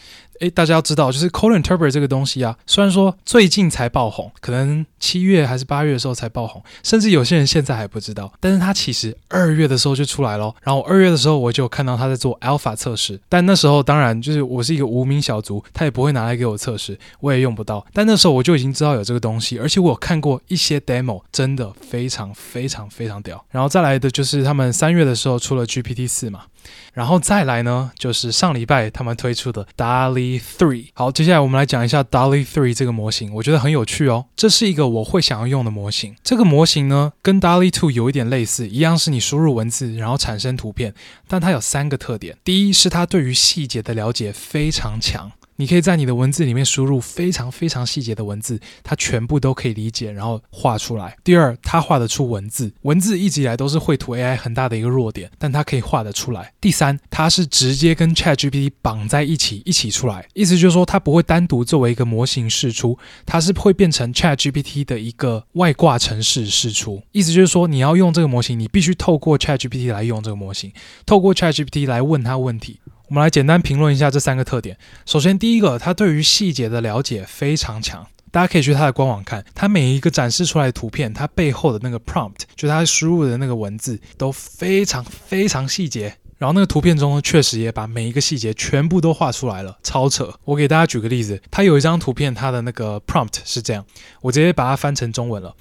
誒，大家要知道，就是 Code Interpreter 這個東西啊，雖然說最近才爆紅，可能七月還是八月的時候才爆紅，甚至有些人現在還不知道。但是它其實二月的時候就出來咯，然後二月的時候我就看到他在做 Alpha 測試。但那時候當然就是我是一個無名小卒，他也不會拿來給我測試，我也用不到。但那時候我就已經知道有這個東西，而且我看過一些 Demo，真的非常非常非常屌。然後再來的就是他們三月的時候出了 GPT 四嘛。然後再來呢，就是上禮拜他們推出的 DALL·E 3。好，接下來我們來講一下 DALL·E 3這個模型，我覺得很有趣哦。這是一個我會想要用的模型。這個模型呢，跟 DALL·E 2有一點類似，一樣是你輸入文字然後產生圖片，但它有三個特點。第一是它對於細節的了解非常強。你可以在你的文字裡面輸入非常非常細節的文字，它全部都可以理解，然後畫出來。第二，它畫得出文字，文字一直以來都是繪圖 AI 很大的一個弱點，但它可以畫得出來。第三，它是直接跟 ChatGPT 綁在一起，一起出來，意思就是說它不會單獨作為一個模型釋出，它是會變成 ChatGPT 的一個外掛程式釋出，意思就是說你要用這個模型，你必須透過 ChatGPT 來用這個模型，透過 ChatGPT 來問它問題。我們來簡單評論一下這三個特點。首先，第一個，它對於細節的了解非常強，大家可以去它的官網看，它每一個展示出來的圖片，它背後的那個 prompt，就它輸入的那個文字都非常非常細節。然後那個圖片中呢，確實也把每一個細節全部都畫出來了，超扯。我給大家舉個例子，它有一張圖片，它的那個 prompt 是這樣，我直接把它翻成中文了。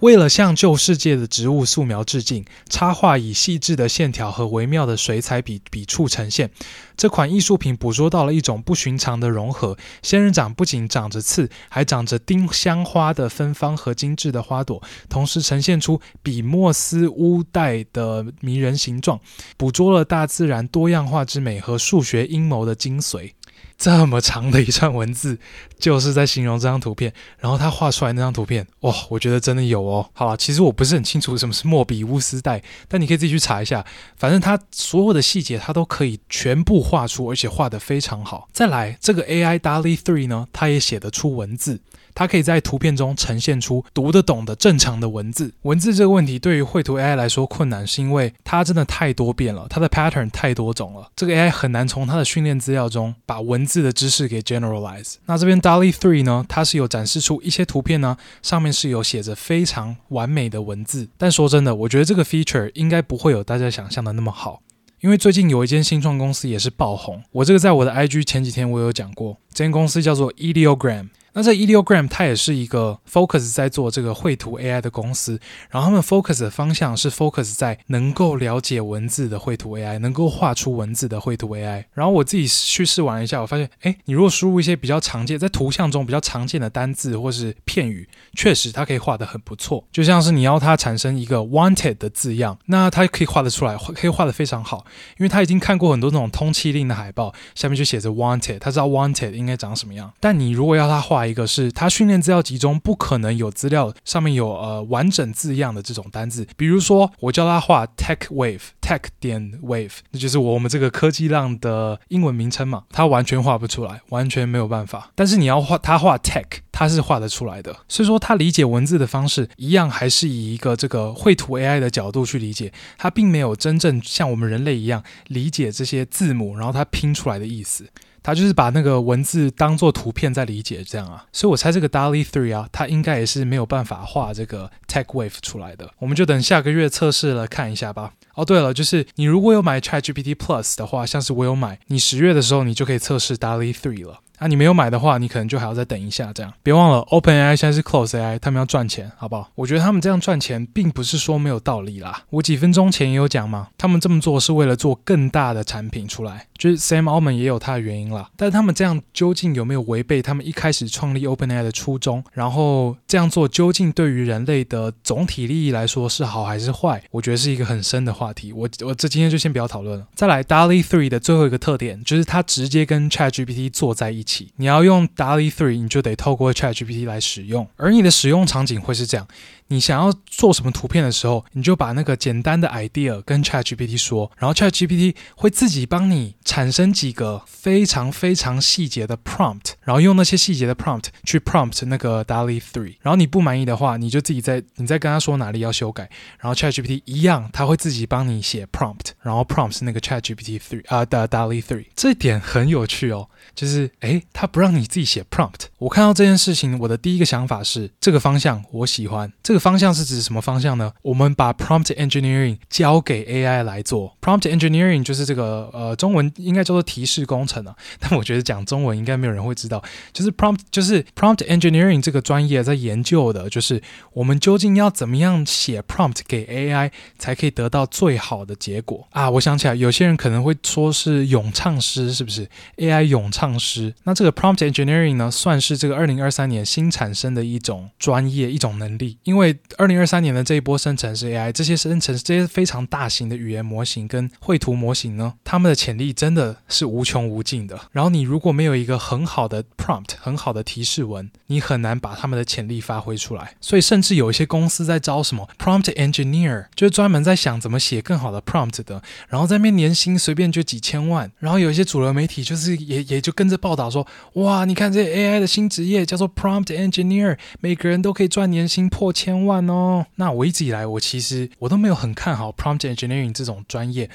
為了向舊世界的植物素描致敬，插畫以細緻的線條和微妙的水彩筆筆觸呈現。這款藝術品捕捉到了一種不尋常的融合：仙人掌不僅長着刺，還長着丁香花的芬芳和精致的花朵，同時呈現出莫比烏斯帶的迷人形狀，捕捉了大自然多樣化之美和數學陰謀的精髓。這麼長的一串文字，就是在形容這張圖片。然後他畫出來那張圖片，哇、哦，我覺得真的有哦。好啦，其實我不是很清楚什麼是莫比烏斯帶，但你可以自己去查一下。反正他所有的細節，他都可以全部畫出，而且畫得非常好。再來，這個 AI DALL·E 3呢，它也寫得出文字。它可以在圖片中呈現出讀得懂的正常的文字。文字這個問題對於繪圖 AI 來說困難，是因為它真的太多變了，它的 pattern 太多種了，這個 AI 很難從它的訓練資料中把文字的知識給 generalize。那這邊 DALL·E 3呢，它是有展示出一些圖片呢，上面是有寫着非常完美的文字。但說真的，我覺得這個 feature 應該不會有大家想象的那麼好，因為最近有一間新創公司也是爆紅。我這個在我的 IG 前幾天我有講過，這間公司叫做 Ideogram。那這 Ideogram 它也是一個 focus 在做這個繪圖 AI 的公司，然後他們 focus 的方向是 focus 在能夠了解文字的繪圖 AI，能夠畫出文字的繪圖 AI。然後我自己去試玩了一下，我發現，哎，你如果輸入一些比較常見在圖像中比較常見的單字或是片語，確實它可以畫得很不錯。就像是你要它產生一個 wanted 的字樣，那它可以畫得出來，可以畫得非常好，因為它已經看過很多那種通緝令的海報，下面就寫着 wanted，它知道 wanted 應該長什麼樣。但你如果要它畫，一個是他訓練資料集中不可能有資料上面有呃、完整字樣的這種單字，比如說我叫他畫 tech wave tech 點 wave，那就是我們這個科技浪的英文名稱嘛，他完全畫不出來，完全沒有辦法。但是你要畫他畫 tech，他是畫得出來的。所以說他理解文字的方式一樣，還是以一個這個繪圖 AI 的角度去理解，他並沒有真正像我們人類一樣理解這些字母，然後它拼出來的意思。他就是把那個文字當做圖片在理解這樣啊，所以我猜這個 DALL·E 3啊，他應該也是沒有辦法畫這個 Tech Wave 出來的，我們就等下個月測試了看一下吧。哦，對了，就是你如果有買 ChatGPT Plus 的話，像是我有買，你十月的時候你就可以測試 DALL·E 3了。啊，你沒有買的話，你可能就還要再等一下。這樣，別忘了，Open AI 現在是 Close AI，他們要賺錢，好不好？我覺得他們這樣賺錢，並不是說沒有道理啦。我幾分鐘前也有講嘛，他們這麼做是為了做更大的產品出來，就是 Sam Altman 也有他的原因啦。但是他們這樣究竟有沒有違背他們一開始創立 Open AI 的初衷？然後這樣做究竟對於人類的總體利益來說是好還是壞？我覺得是一個很深的話題。我我這今天就先不要討論了。再來 DALL·E 3的最後一個特點就是它直接跟 Chat GPT 做在一起。你要用 DALL·E 3，你就得透過 ChatGPT 來使用。而你的使用場景會是這樣：你想要做什麼圖片的時候，你就把那個簡單的 idea 跟 ChatGPT 說，然後 ChatGPT 會自己幫你產生幾個非常非常細節的 prompt，然後用那些細節的 prompt 去 prompt 那個 DALL·E 3。然後你不滿意的話，你就自己在你再跟他說哪裡要修改，然後 ChatGPT 一樣，他會自己幫你寫 prompt，然後 prompt 那個 ChatGPT 3啊的 DALL·E 3，這點很有趣哦。就是哎，他不讓你自己寫 prompt。我看到這件事情，我的第一個想法是這個方向我喜歡。這個方向是指什麼方向呢？我們把 prompt engineering 交給 AI 來做。prompt engineering 就是這個呃，中文應該叫做提示工程啊。但我覺得講中文應該沒有人會知道。就是 prompt，就是 prompt engineering 這個專業在研究的，就是我們究竟要怎麼樣寫 prompt 給 AI 才可以得到最好的結果啊？我想起來，有些人可能會說是詠唱師，是不是？AI 詠唱。喪失。那這個 prompt engineering 呢，算是這個二零二三年新產生的一種專業、一種能力。因為二零二三年的這一波生成式 AI，這些生成式這些非常大型的語言模型跟繪圖模型呢，他們的潛力真的是無窮無盡的。然後你如果沒有一個很好的 prompt，很好的提示文，你很難把他們的潛力發揮出來。所以，甚至有一些公司在招什麼 prompt engineer，就是專門在想怎麼寫更好的 prompt 的。然後在那邊年薪隨便就幾千萬。然後有一些主流媒體就是也也就。跟着報道說，哇，你看這 AI 的新職業叫做 Prompt Engineer，每個人都可以賺年薪破千萬哦。那我一直以來，我其實我都沒有很看好 Prompt Engineering 這種專業。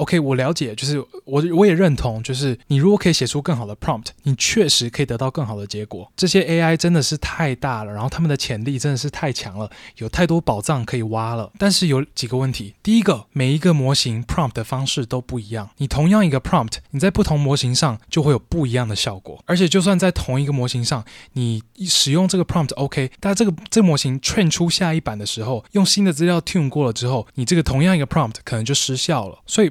OK，我了解，就是我我也認同，就是你如果可以寫出更好的 prompt，你確實可以得到更好的結果。這些 AI 真的是太大了，然後他們的潛力真的是太強了，有太多寶藏可以挖了。但是有幾個問題，第一個，每一個模型 prompt 的方式都不一樣，你同樣一個 prompt，你在不同模型上就會有不一樣的效果。而且就算在同一個模型上，你使用這個 prompt OK，但這個這個、模型 train 出下一版的時候，用新的資料 tune 過了之後，你這個同樣一個 prompt 可能就失效了。所以。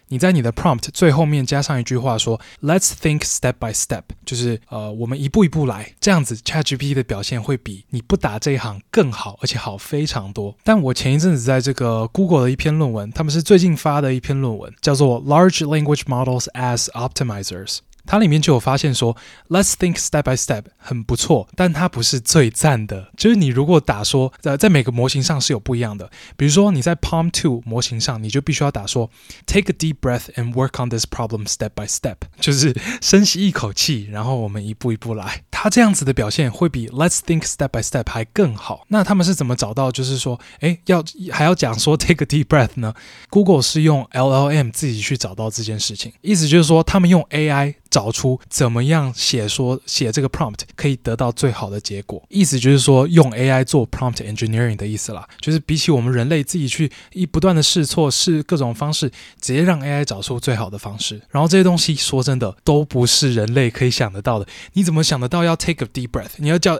你在你的 prompt 最後面加上一句話說，Let's think step by step，就是呃，我們一步一步來，這樣子 ChatGPT 的表現會比你不打這一行更好，而且好非常多。但我前一陣子在這個 Google 的一篇論文，他們是最近發的一篇論文，叫做 Large Language Models as Optimizers。它裡面就有發現說，Let's think step by step 很不錯，但它不是最讚的。就是你如果打說，呃，在每個模型上是有不一樣的。比如說你在 Palm 2模型上，你就必須要打說，Take a deep breath and work on this problem step by step，就是深吸一口氣，然後我們一步一步來。它這樣子的表現會比 Let's think step by step 還更好。那他們是怎麼找到就是說，哎，要還要講說 Take a deep breath 呢？Google 是用 LLM 自己去找到這件事情，意思就是說他們用 AI。找出怎麼樣寫說寫這個 prompt 可以得到最好的結果，意思就是說用 AI 做 prompt engineering 的意思啦，就是比起我們人類自己去一不斷的試錯，試各種方式，直接讓 AI 找出最好的方式。然後這些東西說真的都不是人類可以想得到的。你怎麼想得到要 take a deep breath？你要叫？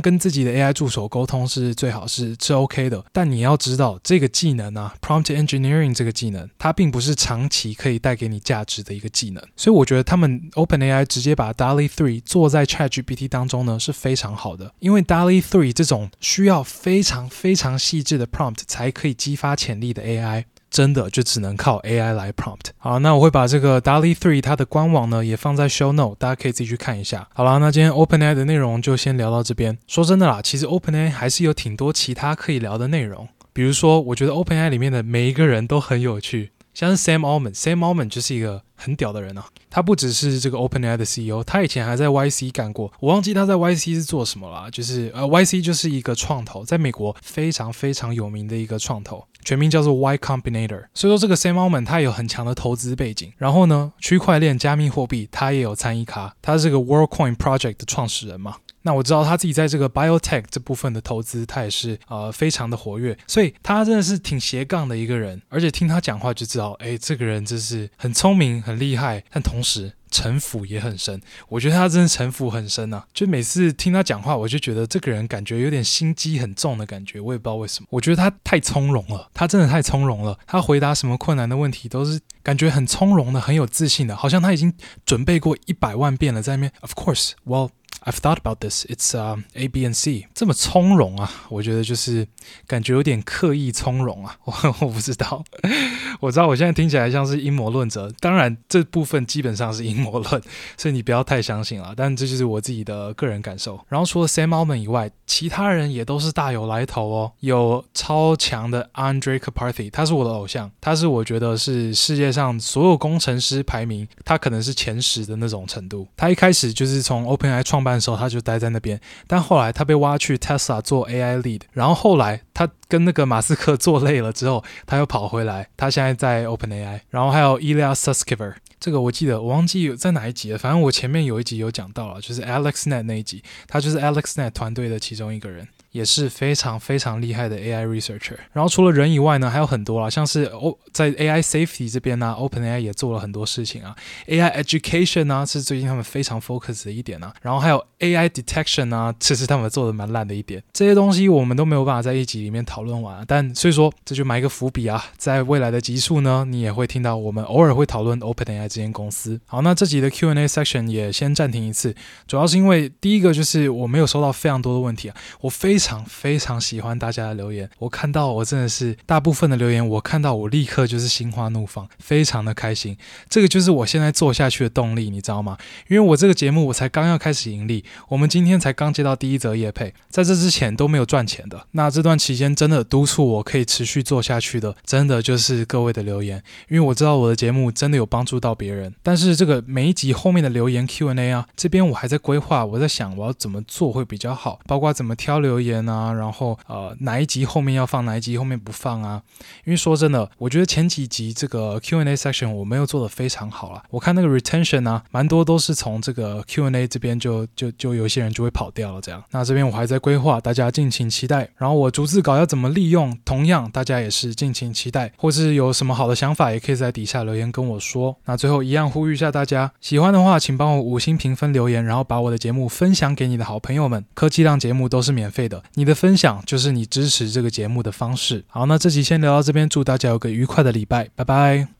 跟自己的 AI 助手溝通是最好是是 OK 的，但你要知道這個技能啊，prompt engineering 這個技能，它並不是長期可以帶給你價值的一個技能。所以我覺得他們 OpenAI 直接把 DALL·E 3做在 ChatGPT 當中呢是非常好的，因為 DALL·E 3這種需要非常非常細緻的 prompt 才可以激發潛力的 AI。真的就只能靠 AI 來 prompt。好，那我會把這個 DALL·E 3它的官網呢也放在 show note，大家可以自己去看一下。好啦，那今天 OpenAI 的內容就先聊到這邊。說真的啦，其實 OpenAI 還是有挺多其他可以聊的內容，比如說，我覺得 OpenAI 裡面的每一個人都很有趣。像是 Sam Altman，Sam Altman 就是一個很屌的人啊。他不只是這個 OpenAI 的 CEO，他以前還在 YC 幹過。我忘記他在 YC 是做什麼啦，就是呃 YC 就是一個創投，在美國非常非常有名的一個創投，全名叫做 Y Combinator。所以說這個 Sam Altman 他有很強的投資背景。然後呢，區塊鏈加密貨幣他也有參與卡，他是個 Worldcoin Project 的創始人嘛。那我知道他自己在這個 biotech 這部分的投資，他也是呃非常的活躍，所以他真的是挺斜槓的一個人。而且聽他講話就知道，哎，這個人真是很聰明、很厲害，但同時城府也很深。我覺得他真的城府很深啊，就每次聽他講話，我就覺得這個人感覺有點心機很重的感覺。我也不知道為什麼，我覺得他太從容了，他真的太從容了。他回答什麼困難的問題，都是感覺很從容的，很有自信的，好像他已經準備過一百萬遍了，在那邊。Of course, well. I've thought about this. It's u、uh, A, B, and C. 這麼從容啊，我覺得就是感覺有點刻意從容啊。我我不知道， [LAUGHS] 我知道我現在聽起來像是陰謀論者。當然，這部分基本上是陰謀論，所以你不要太相信了。但這就是我自己的個人感受。然後除了 Sam Altman 以外，其他人也都是大有來頭哦。有超強的 Andre Karpathy，他是我的偶像。他是我覺得是世界上所有工程師排名，他可能是前十的那種程度。他一開始就是從 OpenAI 創辦的時候他就待在那邊，但後來他被挖去 Tesla 做 AI lead，然後後來他跟那個馬斯克做累了之後，他又跑回來，他現在在 OpenAI，然後還有 Ilya Sutskever，這個我記得我忘記有在哪一集了，反正我前面有一集有講到了，就是 AlexNet 那一集，他就是 AlexNet 團隊的其中一個人。也是非常非常厲害的 AI researcher。然後除了人以外呢，還有很多啊，像是在 AI safety 這邊呢，啊，OpenAI 也做了很多事情啊。AI education 呢，啊，是最近他們非常 focus 的一點啊。然後還有 AI detection 呢，啊，其實他們做的蠻爛的一點。這些東西我們都沒有辦法在一集裡面討論完，但所以說這就埋一個伏筆啊，在未來的集數呢，你也會聽到我們偶爾會討論 OpenAI 這間公司。好，那這集的 Q&A section 也先暫停一次，主要是因為第一個就是我沒有收到非常多的問題啊，我非常。非常非常喜歡大家的留言，我看到我真的是大部分的留言，我看到我立刻就是心花怒放，非常的開心。這個就是我現在做下去的動力，你知道嗎？因為我這個節目我才剛要開始盈利，我們今天才剛接到第一則業配，在這之前都沒有賺錢的。那這段期間真的督促我可以持續做下去的，真的就是各位的留言，因為我知道我的節目真的有幫助到別人。但是這個每一集後面的留言 Q&A 啊，這邊我還在規劃，我在想我要怎麼做會比較好，包括怎麼挑留言。啊，然後呃，哪一集後面要放，哪一集後面不放啊？因為說真的，我覺得前幾集這個 Q&A section 我沒有做得非常好了。我看那個 retention 啊，蠻多都是從這個 Q&A 這邊就就就有些人就會跑掉了。這樣，那這邊我還在規劃，大家敬請期待。然後我逐字稿要怎麼利用，同樣大家也是敬請期待，或是有什麼好的想法，也可以在底下留言跟我說。那最後一樣呼籲一下大家，喜歡的話請幫我五星評分留言，然後把我的節目分享給你的好朋友們。科技浪節目都是免費的。你的分享就是你支持這個節目的方式。好，那這集先聊到這邊，祝大家有個愉快的禮拜，拜拜。